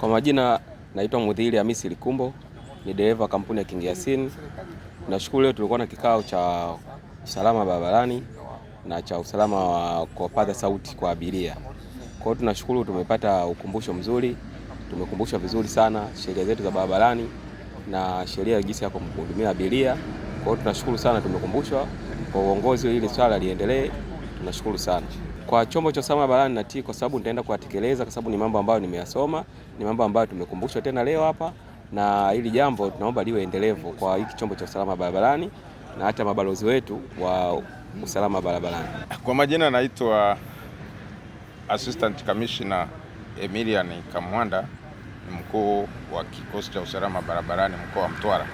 Kwa majina naitwa Mudhili Hamisi Likumbo, ni dereva kampuni ya King Yasin. Nashukuru leo tulikuwa na kikao cha usalama barabarani na cha usalama wa kupaza sauti kwa abiria. Kwa hiyo tunashukuru, tumepata ukumbusho mzuri, tumekumbushwa vizuri sana sheria zetu za barabarani na sheria ya jinsi ya kumhudumia abiria. Kwa hiyo tunashukuru sana, tumekumbushwa kwa uongozi, ili swala liendelee. Tunashukuru sana kwa chombo cha usalama barabarani natii, kwa sababu nitaenda kuwatekeleza kwa sababu ni mambo ambayo nimeyasoma, ni mambo ambayo tumekumbushwa tena leo hapa, na hili jambo tunaomba liwe endelevu kwa hiki chombo cha usalama barabarani na hata mabalozi wetu wa usalama barabarani. Kwa majina naitwa Assistant Commissioner Emilian Kamwanda, ni mkuu wa kikosi cha usalama barabarani mkoa wa Mtwara.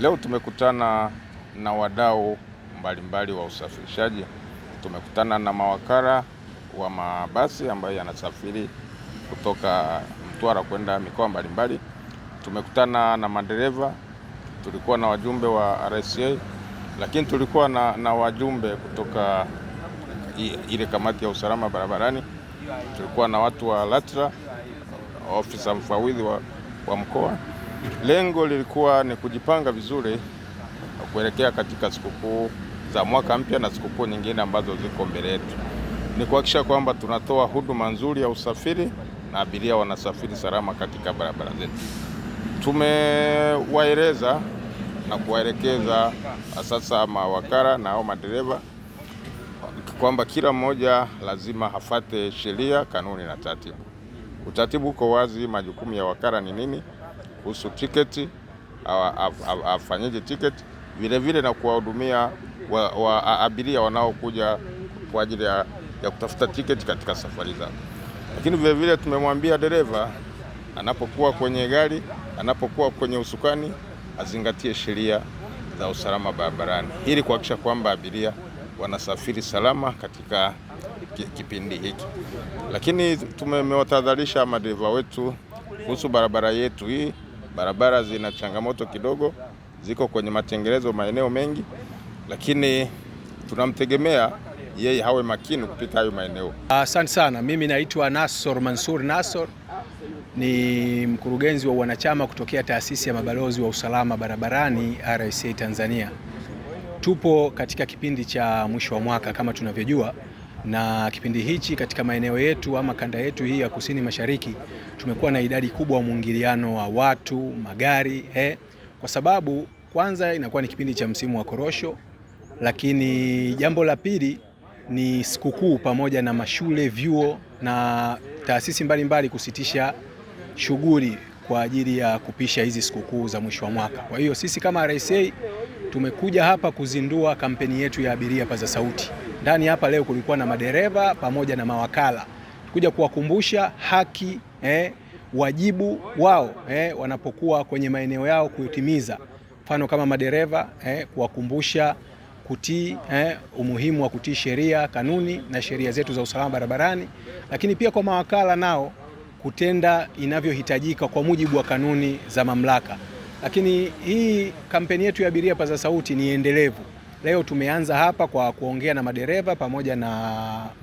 Leo tumekutana na wadau mbalimbali wa usafirishaji tumekutana na mawakala wa mabasi ambayo yanasafiri kutoka Mtwara kwenda mikoa mbalimbali. Tumekutana na madereva, tulikuwa na wajumbe wa RCA, lakini tulikuwa na, na wajumbe kutoka ile kamati ya usalama barabarani, tulikuwa na watu wa LATRA, ofisa mfawidhi wa, wa mkoa. Lengo lilikuwa ni kujipanga vizuri kuelekea katika sikukuu za mwaka mpya na sikukuu nyingine ambazo ziko mbele yetu. Ni kuhakikisha kwamba tunatoa huduma nzuri ya usafiri na abiria wanasafiri salama katika barabara zetu. Tumewaeleza na kuwaelekeza sasa mawakala na au madereva kwamba kila mmoja lazima afate sheria, kanuni na taratibu. Utaratibu uko wazi, majukumu ya wakala ni nini kuhusu tiketi, afanyeje tiketi vilevile na kuwahudumia wa, wa abiria wanaokuja kwa ajili ya, ya kutafuta tiketi katika safari zao. Lakini vilevile tumemwambia dereva anapokuwa kwenye gari, anapokuwa kwenye usukani azingatie sheria za usalama barabarani ili kuhakikisha kwamba abiria wanasafiri salama katika kipindi hiki. Lakini tumewatahadharisha madereva wetu kuhusu barabara yetu hii. Barabara zina changamoto kidogo, ziko kwenye matengenezo maeneo mengi, lakini tunamtegemea yeye hawe makini kupita hayo maeneo. Asante sana. Mimi naitwa Nassor Mansur Nassor, ni mkurugenzi wa wanachama kutokea taasisi ya mabalozi wa usalama barabarani RCA Tanzania. Tupo katika kipindi cha mwisho wa mwaka kama tunavyojua, na kipindi hichi katika maeneo yetu ama kanda yetu hii ya kusini mashariki tumekuwa na idadi kubwa ya mwingiliano wa watu, magari eh kwa sababu kwanza inakuwa ni kipindi cha msimu wa korosho, lakini jambo la pili ni sikukuu pamoja na mashule, vyuo na taasisi mbalimbali mbali kusitisha shughuli kwa ajili ya kupisha hizi sikukuu za mwisho wa mwaka. Kwa hiyo sisi kama RSA tumekuja hapa kuzindua kampeni yetu ya abiria paza sauti. Ndani hapa leo kulikuwa na madereva pamoja na mawakala kuja kuwakumbusha haki eh, wajibu wao eh, wanapokuwa kwenye maeneo yao kuitimiza. Mfano kama madereva eh, kuwakumbusha kutii eh, umuhimu wa kutii sheria, kanuni na sheria zetu za usalama barabarani, lakini pia kwa mawakala nao kutenda inavyohitajika kwa mujibu wa kanuni za mamlaka. Lakini hii kampeni yetu ya Abiria Paza Sauti ni endelevu. Leo tumeanza hapa kwa kuongea na madereva pamoja na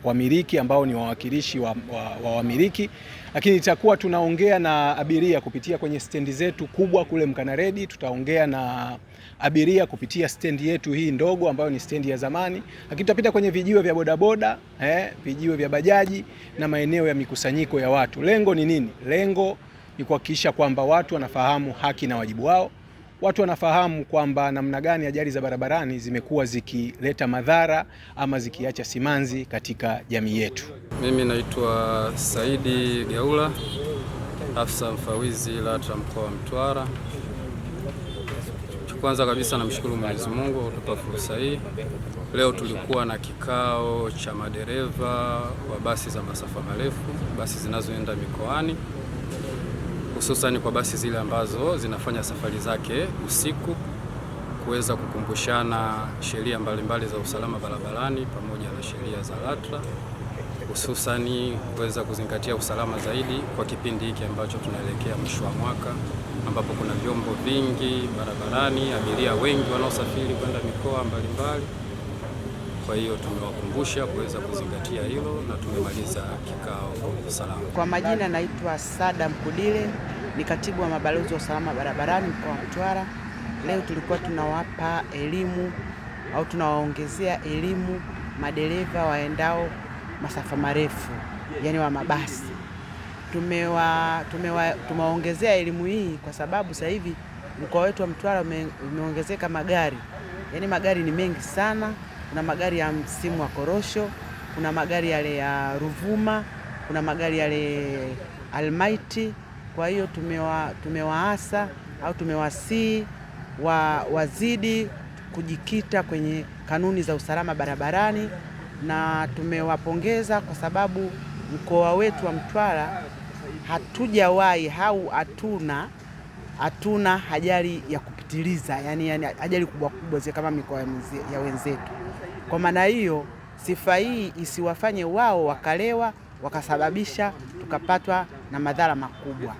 wamiliki ambao ni wawakilishi wa, wa, wa wamiliki, lakini itakuwa tunaongea na abiria kupitia kwenye stendi zetu kubwa kule Mkanaredi. Tutaongea na abiria kupitia stendi yetu hii ndogo ambayo ni stendi ya zamani, lakini tutapita kwenye vijiwe vya bodaboda eh, vijiwe vya bajaji na maeneo ya mikusanyiko ya watu. Lengo ni nini? Lengo ni kuhakikisha kwamba watu wanafahamu haki na wajibu wao watu wanafahamu kwamba namna gani ajali za barabarani zimekuwa zikileta madhara ama zikiacha simanzi katika jamii yetu. Mimi naitwa Saidi Gaula, afisa mfawizi LATRA mkoa wa Mtwara. Kwanza kabisa namshukuru Mwenyezi Mungu kutupa fursa hii. Leo tulikuwa na kikao cha madereva wa basi za masafa marefu, basi zinazoenda mikoani hususan kwa basi zile ambazo zinafanya safari zake usiku kuweza kukumbushana sheria mbalimbali za usalama barabarani pamoja na sheria za LATRA hususani kuweza kuzingatia usalama zaidi kwa kipindi hiki ambacho tunaelekea mwisho wa mwaka ambapo kuna vyombo vingi barabarani, abiria wengi wanaosafiri kwenda mikoa mbalimbali mbali. Kwa hiyo tumewakumbusha kuweza kuzingatia hilo na tumemaliza kikao kwa usalama. Kwa majina naitwa Sada Mkudile, ni katibu wa mabalozi wa usalama barabarani mkoa wa Mtwara. Leo tulikuwa tunawapa elimu au tunawaongezea elimu madereva waendao masafa marefu, yani wa mabasi. Tumewa, tumewa, tumewaongezea elimu hii kwa sababu sasa hivi mkoa wetu wa Mtwara umeongezeka magari, yani magari ni mengi sana kuna magari ya msimu wa korosho, kuna magari yale ya Ruvuma, kuna magari yale Almighty. Kwa hiyo tumewa, tumewaasa au tumewasii wa, wazidi kujikita kwenye kanuni za usalama barabarani na tumewapongeza kwa sababu mkoa wetu wa Mtwara hatujawahi au hatuna hatuna ajali ya kupitiliza, yani, yani ajali kubwa kubwa kama mikoa ya wenzetu. Kwa maana hiyo sifa hii isiwafanye wao wakalewa, wakasababisha tukapatwa na madhara makubwa.